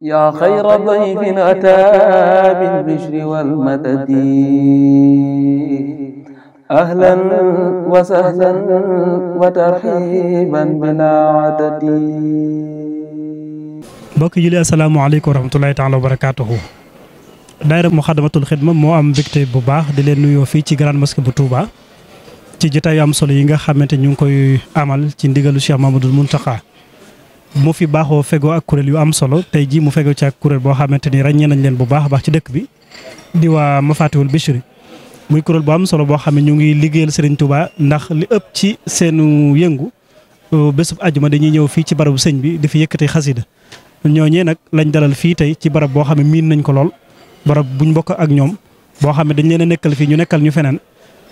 yaa xayra dayfin ataa bil bishri wal madadi ahlan wa sahlan wa tarxiiban bilaa adadi mbokk julli asalaamaaleykum wa rahmatulahi taala wa barakaatuhu daayira Muxaddamatul Xidma moo am mbégte bu baax di leen nuyoo fii ci grande mosquée bu Touba ci jotaay am solo yi nga xamante ñu ngi koy amal ci ndigalu Cheikh Mamadou Mountakha mu fi baaxoo fegoo ak kuréel yu am solo tey jii mu fegoo ci ak kuréel boo xamante ni ràññee nañ leen bu baax baax ci dëkk bi di waa Mafatihul Bichri muy kuréel bu am solo boo xam ne ñu ngi liggéeyal Serigne tubaa ndax li ëpp ci seenu yëngu uh, bésub àjjuma dañuy ñëw fii ci barabu sëñ bi di fi yëkkati xasida ñooñee nag lañ dalal fii tey ci barab boo xam ne miin nañ ko lool barab buñ mbokk ak ñoom boo xam ne dañ leen a nekkal fii ñu nekkal ñu feneen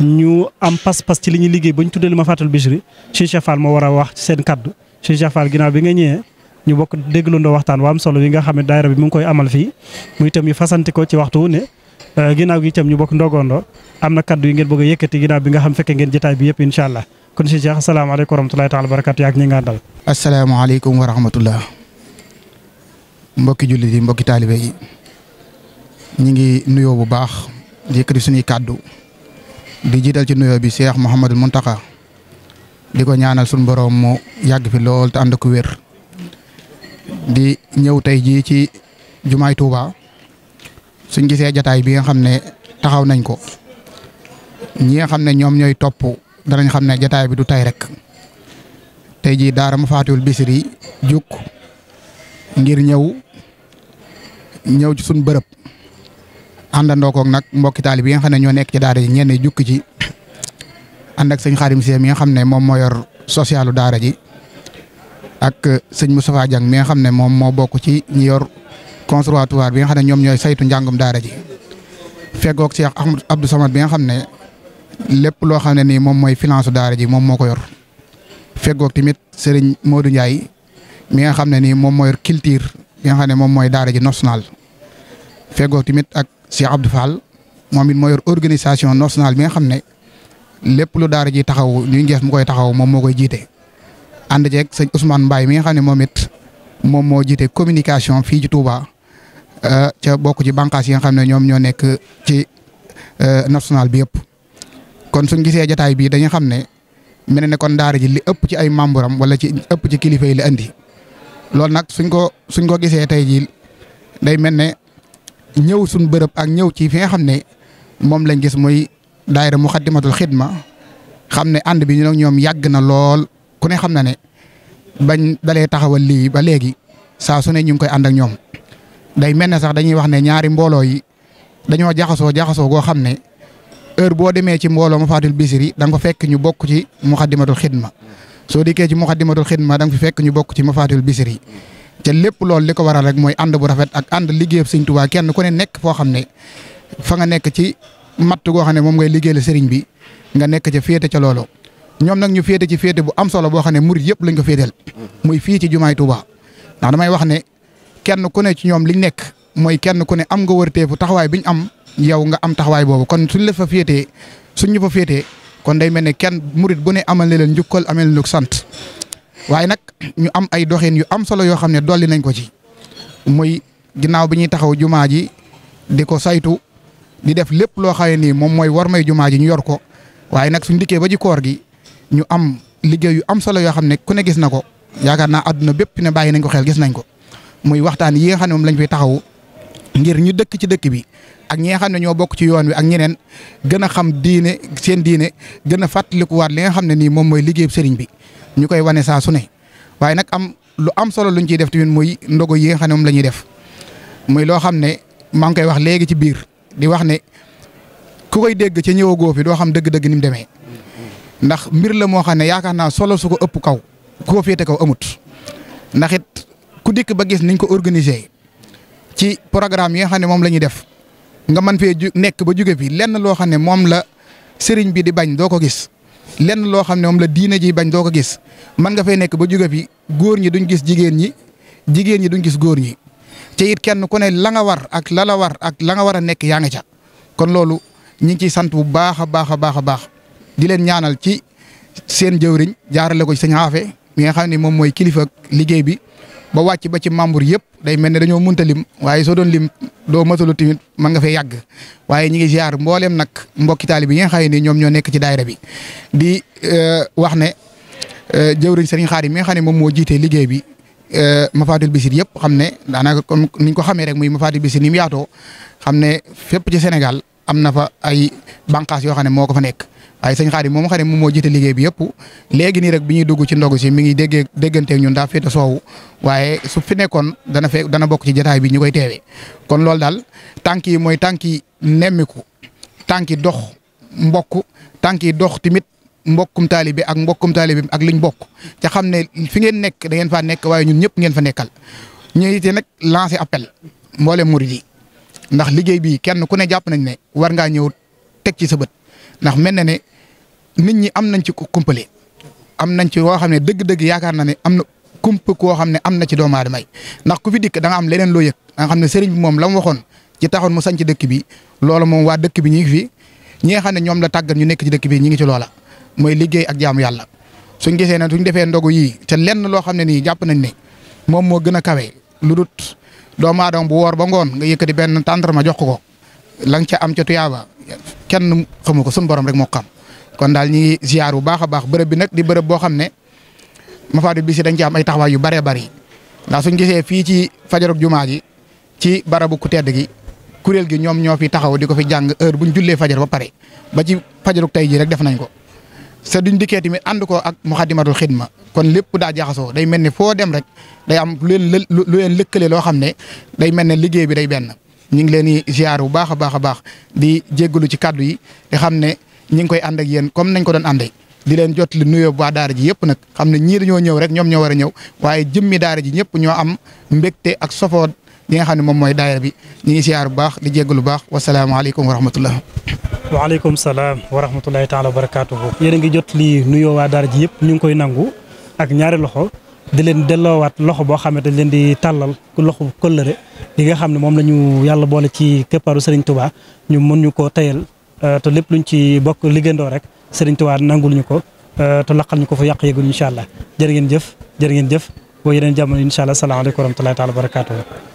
ñu am pas-pas ci li ñuy liggéey ba ñu tuddee Mafatihul Bichri Cheikh Fall moo war a wax seen kaddu Cheikh Cheikh Fall bi nga ñëwee ñu bokk dégluandoo waxtaan wa am solo yi nga xam ne daayira bi mu ngi koy amal fii muy itam yi fasanti ko ci waxtu wu ne euh, ginnaaw gi itam ñu bokk ndogoondo am na kàddu yi ngeen bëgg a yëkkati bi nga xam fekke ngeen jotaay bi yëpp incha allah kon Cheikh Cheikh asalaamaaleykum wa rahmatulahi taala barakatu yaak ñi wa rahmatullah mbokki jullit yi mbokki taalibe yi ñu ngi nuyoo bu baax yëkkati suñuy kàddu di jiital ci nuyoo bi Cheikh Mouhamadul Mountakha di ko ñaanal suñu boroom mu yàgg fi lool te ànd ko wér di ñëw tey jii ci jumaay tuuba suñ gisee jataay bi nga xam ne taxaw nañ ko ñi nga xam ne ñoom ñooy topp danañ xam ne jataay bi du tey rek tey jii daara mu faatiwul bisiri juk ngir ñëw ñëw ci suñ bërëb àndandoo koog nag mbokki taali bi nga xam ne ñoo nekk ci daara yi ñenn jukki ci ànd ak sëñ Xaadim Sy mi nga xam ne moom moo yor socialu daara ji ak euh, sëñ Moustapha Diang mi nga xam ne moom moo bokk ci ñi yor conservatoire bi nga xam ne ñoom ñooy saytu njàngum daara ji feggoog Cheikh Abdou Samad bi nga xam ne lépp loo xam ne nii moom mooy finance daara ji moom moo ko yor feggoog tamit sëriñ Modou Ndiaye mi nga xam ne nii moom moo culture bi nga xam ne moom mooy daara ji national feggoog tamit ak Cheikh Abdou Fall moom it moo organisation nationale bi nga xam ne lépp lu daara ji taxaw ñuy ngees mu koy taxaw moom moo koy jiite. ànd ceeg sëñ Ousmane mbaay mi nga xam ne moom it moom moo jiite communication fii ci Touba euh, ca bokk ci bànqaas yi nga xam ne ñoom ñoo nekk ci euh, national bi yëpp. kon suñ gisee jataay bii dañu xam ne mel ne kon daara ji li ëpp ci ay membre am wala ci ëpp ci kilifa yi la andi loolu nag suñ ko suñ ko gisee tey jii day mel ne ñëw suñ bërëb ak ñëw ci fi nga xam ne moom lañ gis muy daayira Muxaddamatul Xidma xam ne ànd bi ñu nag ñoom yàgg na lool ku ne xam na ne bañ dalee taxawal lii ba léegi saa su ne ñu ngi koy ànd ak ñoom. day mel ne sax dañuy wax ne ñaari mbooloo yi dañoo jaxasoo jaxasoo goo xam ne heure boo demee ci mbooloo ma faatul bisiri da nga ko fekk ñu bokk ci Muxaddamatul Xidma soo dikkee ci Muxaddamatul Xidma da nga fi fekk ñu bokk ci ma faatul bisiri te lépp loolu li ko waral rek mooy ànd bu rafet ak ànd liggéeyam Sëñ Tuubaa kenn ku ne nekk foo xam ne fa nga nekk ci matt goo xam ne moom ngay liggéeyal sëriñ bi nga nekk ca féete ca loolo ñoom nag ñu féete ci féete bu am solo boo xam ne murit yëpp lañ ko féeteel muy fii ci jumaay Tuuba ndax damay wax ne kenn ku ne ci ñoom liñ nekk mooy kenn ku ne am nga wërteefu taxawaay biñ am yow nga am taxawaay boobu kon suñ la fa féetee suñ ñu fa féetee kon day mel ne kenn murit bu ne amal na leen njukkal amal na sant waaye nag ñu am ay doxin yu am solo yoo xam ne dolli nañ ko ci muy ginnaaw bi ñuy taxaw jumaa ji di ko saytu di def lépp loo xamee nii moom mooy war may jumaa ji ñu yor ko waaye nag suñu dikkee ba ji koor gi ñu am liggéey yu am solo yoo xam ne ku ne gis na ko yaakaar naa àdduna bépp ne bàyyi nañ ko xel gis nañ ko muy waxtaan yi nga xam ne moom lañ fay taxawu ngir ñu dëkk ci dëkk bi ak ñi nga xam ne bokk ci yoon wi ak ñeneen gën a xam diine seen diine gën a fàttalikuwaat li nga xam ne nii moom mooy liggéey sëriñ bi ñu koy wane saa su ne waaye nag am lu am solo luñ ciy def tamit muy ndogo yi nga xam ne moom la def muy loo xam ne maa ngi koy wax léegi ci biir di wax ne ku koy dégg ca ñëwagoo fi doo xam dëgg-dëgg ni mu demee ndax mbir la moo xam ne yaakaar naa solo su ko ëpp kaw ku ko féete kaw amut ndax it ku dikk ba gis niñ ko organiser ci programme yi nga xam ne moom la ñuy def nga mën fee ju nekk ba jóge fi lenn loo xam ne moom la sëriñ bi di bañ doo ko gis lenn loo xam ne moom la diine ji bañ doo ko gis mën nga fay nekk ba jóge fi góor ñi duñ gis jigéen ñi jigéen ñi duñ gis góor ñi te it kenn ku ne la nga war ak la war ak la war a nekk yaa nga ca kon loolu ñu ngi ciy sant bu baax a baax a baax a baax di leen ñaanal ci seen jëwriñ jaarale ko ci sëñ mi nga xam ne moom mooy kilifa liggéey bi ba wàcc ba ci membre yëpp day mel ne dañoo mënta lim waaye soo doon lim doo matalu tamit mën nga fee yàgg waaye ñi ngi ziar mbooleem nag mbokki bi yi nga xam ne ñoom ñoo nekk ci daayira bi di euh, wax ne euh, jëwriñ sëriñ Xaadim mi nga xam ne moom moo jiite liggéey bi Euh, Mafatil Bichri yëpp xam ne daanaka kon niñ ko xamee rek muy Mafatil Bichri ni mu yaatoo xam ne fépp ci Sénégal am na fa ay bànqaas yoo xam ne moo ko fa nekk. waaye sëñ Xaadim moom xam ne moom moo jiite liggéey bi yëpp léegi nii rek bi ñuy dugg ci ndogu si mi ngi déggee dégganteeg ñun daa féete soowu waaye su fi nekkoon dana fekk dana bokk ci jotaay bi ñu koy teewee. kon loolu daal tànk yi mooy tànk yi nemmiku tànk yi dox mbokk tànk yi dox tamit mbokkum taalibe ak mbokkum taalibe ak liñ bokk ca xam ne fi ngeen nekk da ngeen faa nekk waaye ñun ñëpp ngeen fa nekkal ñu ittee nag lancé appel mboolem murid yi ndax liggéey bi kenn ku ne jàpp nañ ne war ngaa ñëw teg ci sa bët ndax mel na ne nit ñi am nañ ci ku kumpale am nañ ci woo xam ne dëgg-dëgg yaakaar na ne am na kump koo xam ne am na ci doomu aadama ndax ku fi dikk da nga am leneen loo yëg da nga xam ne sëriñ bi moom la mu ci taxoon mu sanc dëkk bi loolu moom waa dëkk bi ñu ngi fi ñi nga xam ne ñoom la tàggat ñu nekk ci dëkk bi ñi ngi ci loola mooy liggéey ak jaamu yàlla suñ gisee ne suñ defee ndogu yii te lenn loo xam ne nii jàpp nañ ne moom moo gën a kawe lu dut doomu aadama bu woor ba ngoon nga yëkkati benn tàndarma jox ko la nga ca am ca tuyaaba kenn xamu ko suñ borom rek moo xam kon daal ñi ziar bu baax a baax bërëb bi nag di bërëb boo xam ne mafaadu bi si dañ ci ay taxawaay yu bëree bëri ndax suñ gisee fii ci fajarog jumaa ji ci barabu ku tedd gi kuréel gi ñoom ñoo fi taxaw di ko fi jàng heure buñ jullee fajar ba pare ba ci fajarug tey ji rek def nañ ko sa duñ dikkee tamit ànd ko ak muxadimatul xidma kon lépp daa jaxasoo day mel ni foo dem rek day am lu leen lu loo xam ne day mel ne liggéey bi day benn ñu ngi leen di ziar bu baax a baax a baax di jéggalu ci kàddu yi di xam ne ñu ngi koy ànd ak yéen comme nañ ko doon àndee di leen jot li nuyoo waa daara ji yëpp nag xam ne ñii dañoo ñëw rek ñoom ñoo war a ñëw waaye jëmmi daara ji ñëpp ñoo am mbégte ak sofoo li nga xam ne moom mooy daara bi ñu ngi ziar bu baax di lu baax wasalaamaaleykum wa rahmatullah waaleykum salaam wa rahmatulahi taala wa barakaatuhu. yéen a ngi jot lii nuyoo waa daara ji yëpp ñu ngi koy nangu ak ñaari loxo di leen delloowaat loxo boo xam ne dañ leen di tàllal loxo kóllëre li nga xam ne moom la ñu yàlla boole ci këpparu Serigne Touba ñu mën ñu ko teyal euh, te lépp luñ ci bokk liggéeyandoo rek Serigne Touba nangul ñu ko euh, te laqal ñu ko fa yàq yëgul incha allah jërë ngeen jëf jërë ngeen jëf boo yeneen jamono incha allah salaamaaleykum wa rahmatulahi taala wa barakaatuhu